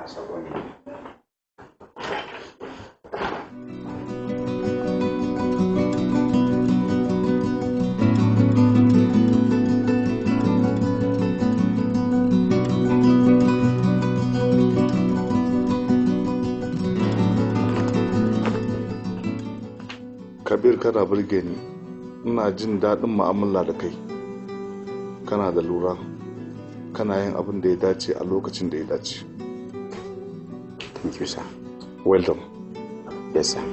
con él. kabir kana burge ni ina jin daɗin mu'amala da kai kana da lura kana yin abin da ya dace a lokacin da ya dace Thank you, sir. Well done. Yes, sir.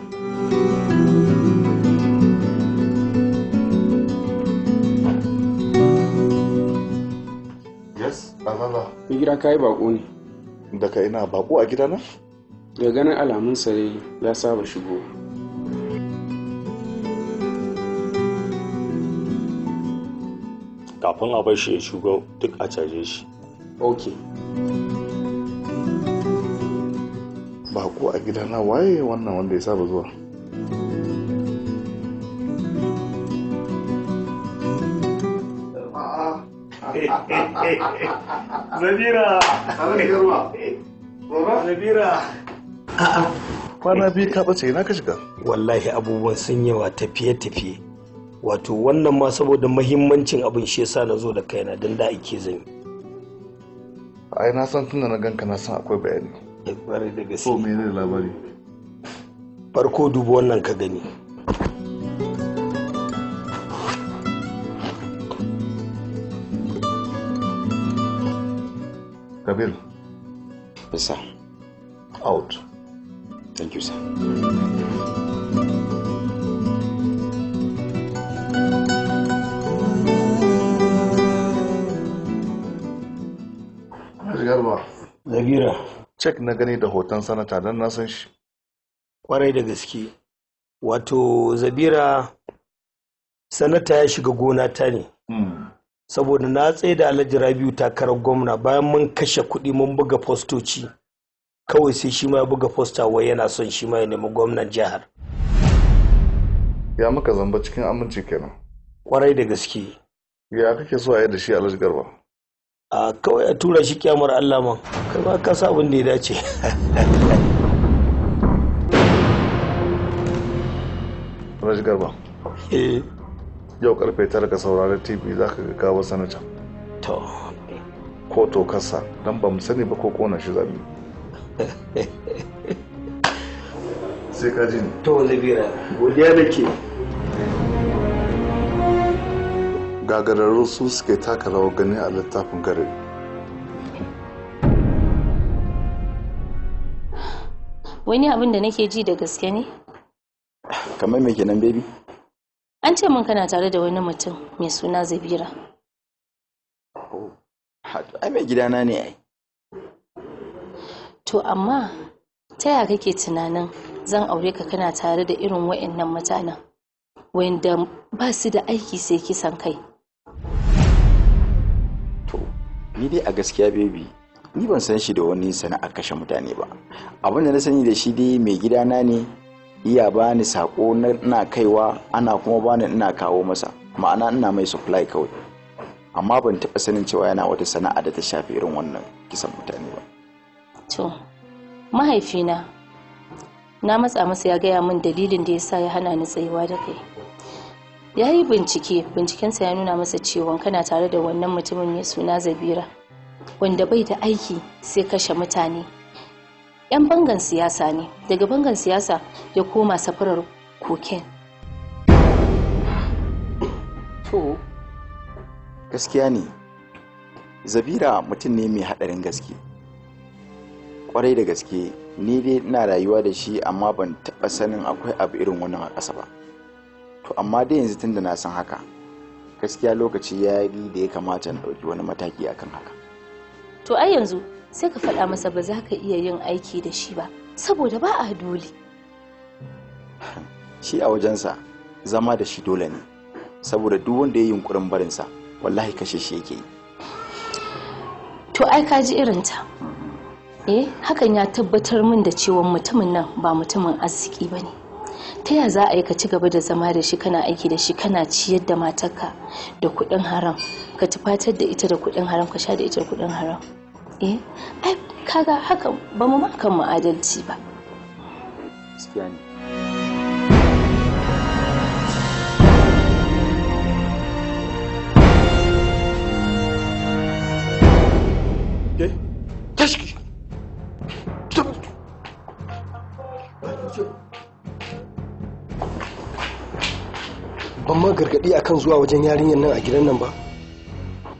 Yes, Alala. gida ka yi baƙo ne. Daga ina baƙo a gida na? Da ganin alamun sare ya saba shigo. Kafin a bar shi ya shigo duk a caje shi. Okay. ko a gidana waye wannan wanda ya saba zuwa kwana biyu ka bace na ka shiga wallahi abubuwan sun yawa tafiye-tafiye wato wannan ma saboda mahimmancin abin shi yasa na zo da kaina don da ake zami ai na san tunda na ganka na san akwai bayani ƙwarai da gaske to labari farko dubu wannan ka gani kabir yes, out thank you sir Zagira. cek na gani da hoton sanata don na san shi kwarai da gaske wato zabira sanata ya shiga gona ta ne hmm. saboda na tsaye da alhaji rabiu takarar gwamna bayan mun kashe kuɗi mun buga fostoci kawai sai shi ma ya buga fosta wai yana son shi ma ya nemi gwamnan jihar ya maka zamba cikin aminci kenan kwarai da gaske ya kake so a yi da shi alhaji garba a kawai a tura shi kyamar Allah man kai ba ka sa abin da ya dace Raj Garba eh yau karfe tara ka saurari TV za ka ga kawo sanata to ko to kasa dan ba mu sani ba ko kona shi zamu sai ka ji to Libira godiya ke. gagararru su suke taka rawar gani a littafin gare wani abin da nake ji da gaske ne kamar me kenan baby an ce min kana tare da wani mutum mai suna zabira oh, ai mai gidana ne ai to amma ta ya kake tunanin zan aure ka kana tare da irin wa'annan mutanen wanda ba su da aiki sai kisan kai ni dai a gaskiya bebi ni ban san shi da wani sana'ar kashe mutane ba abin da na sani da shi dai mai gidana ne iya bani sako na kaiwa ana kuma bani ina kawo masa ma'ana ina mai supply kawai amma ban taɓa sanin cewa yana wata sana'a da ta shafi irin wannan kisan mutane ba to mahaifina na matsa masa ya gaya min dalilin da ya sa ya hana ni tsayuwa da kai ya yi bincike bincikensa ya nuna masa cewa kana tare da wannan mutumin mai suna zabira wanda bai da aiki sai kashe mutane yan bangan siyasa ne daga bangan siyasa ya koma safarar koken to gaskiya ne zabira mutum ne mai haɗarin gaske kwarai da gaske ni dai ina rayuwa da shi amma ban taba sanin akwai abu irin wannan a ƙasa ba to amma dai yanzu tunda na san haka gaskiya lokaci ya yi da ya kamata na ɗauki wani mataki akan haka to ai yanzu sai ka faɗa masa ba za ka iya yin aiki da shi ba saboda ba a dole shi a wajensa zama da shi dole ne saboda duk wanda ya yi yunkurin barinsa wallahi kashe shi yake yi to ai ka ji irinta mm-hmm. eh hakan ya tabbatar min da cewa mutumin nan ba mutumin arziki ba ne ta ya za a yi ka ci gaba da zama da shi kana aiki da shi kana ciyar da matarka da kuɗin haram ka tufatar da ita da kuɗin haram ka sha da ita da kuɗin haram eh ai kaga haka ba mu ma kan mu ba Thank you. ban ma gargaɗi a kan zuwa wajen yarinyar nan a gidan nan ba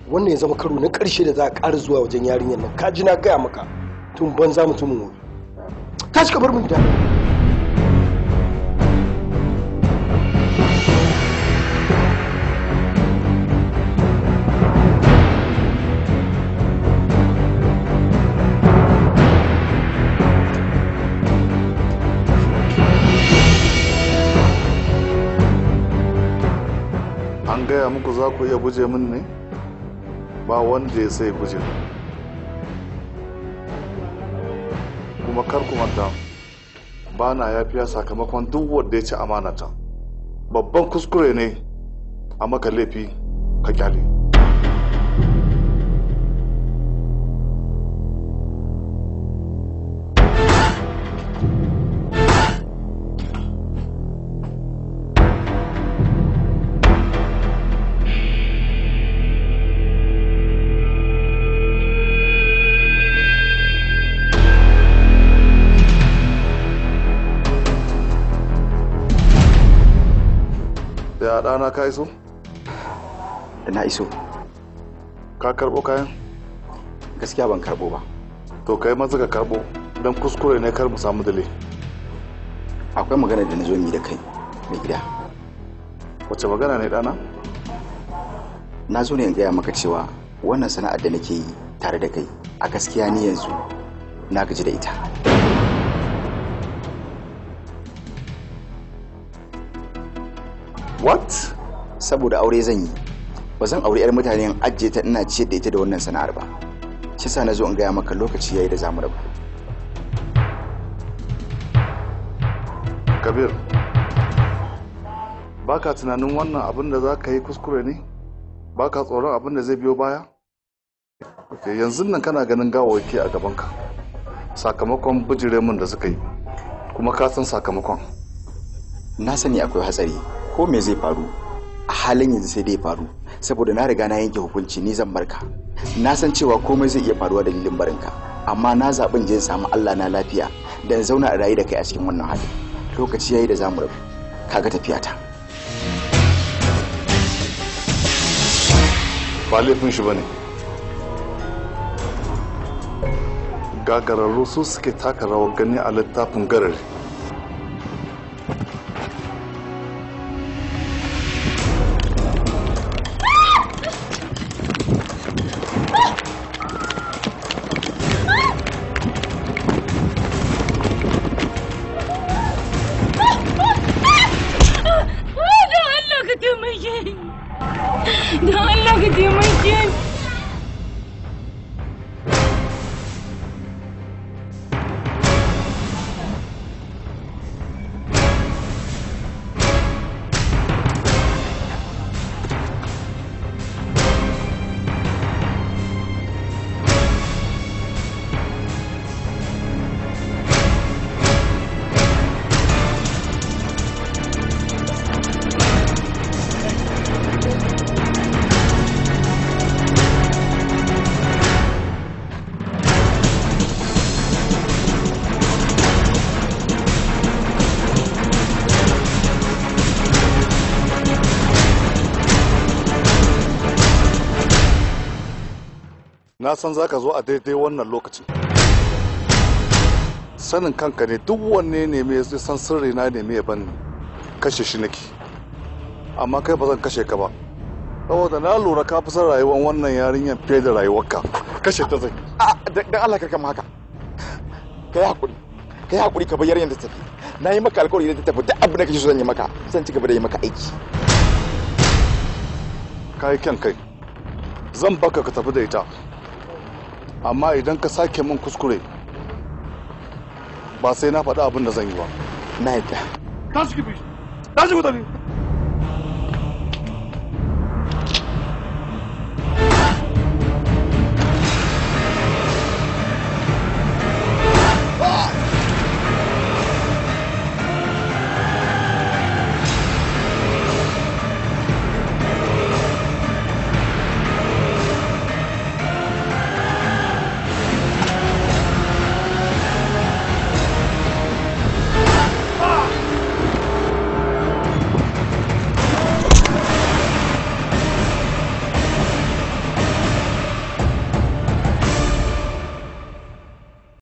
wannan ya zama karo na ƙarshe da za a ƙara zuwa wajen yarinyar nan ka ji na gaya maka tun banza mutumin wuri ka shi ka bar min gida gaya muku za ku iya guje min ne ba wanda ya sai guje kuma kar ku manta ba na yafiya sakamakon duk wanda ya ci amanata babban kuskure ne a maka laifi ka kyale. ya ɗana ka iso? na iso ka karɓo kayan? gaskiya ban karɓo ba to kai maza ka karɓo don kuskure ne kar mu samu dale akwai magana da na zo da kai mai gida wace magana ne ɗana? na zo ne in gaya maka cewa wannan sana'ar da nake yi tare da kai a gaskiya ni yanzu na gaji da ita what saboda aure zan yi ba zan aure yar mutane in ajiye ta ina ciyar da ita da wannan sana'ar ba shi sa na zo in gaya maka lokaci yayi da zamu raba. kabir baka tunanin wannan abin da za ka yi kuskure ne baka tsoron abin da zai biyo baya okay, yanzu nan kana ganin gawawaki a gabanka sakamakon bijire min da suka yi kuma ka san sakamakon na sani akwai hatsari ko me zai faru a halin yanzu sai dai faru saboda na riga na yanke hukunci ni zan barka na san cewa komai zai iya faruwa dalilin barinka amma na zaɓin je samu Allah na lafiya dan zauna a rayu da kai a cikin wannan hali lokaci yayi da zamu rabu kaga tafiyata ba laifin shi bane gagararru su suke taka rawar gani a littafin garari na san za ka zo a daidai wannan lokaci sanin kanka ne duk wanne ne mai san sirri na ne mai ban kashe shi nake amma kai ba zan kashe ka ba saboda na lura ka fi san rayuwar wannan yarinyar fiye da rayuwarka kashe ta zai dan Allah ka kama haka kai hakuri kai hakuri ka bayar yanda ta tafi na yi maka alkawari da ta tafi duk abin da kake so zan yi maka zan ci gaba da yi maka aiki kai kyan kai zan baka ka tafi da ita amma idan ka sake min kuskure ba sai na faɗi abin da zan yi ba na yadda shi ki ta ku tafi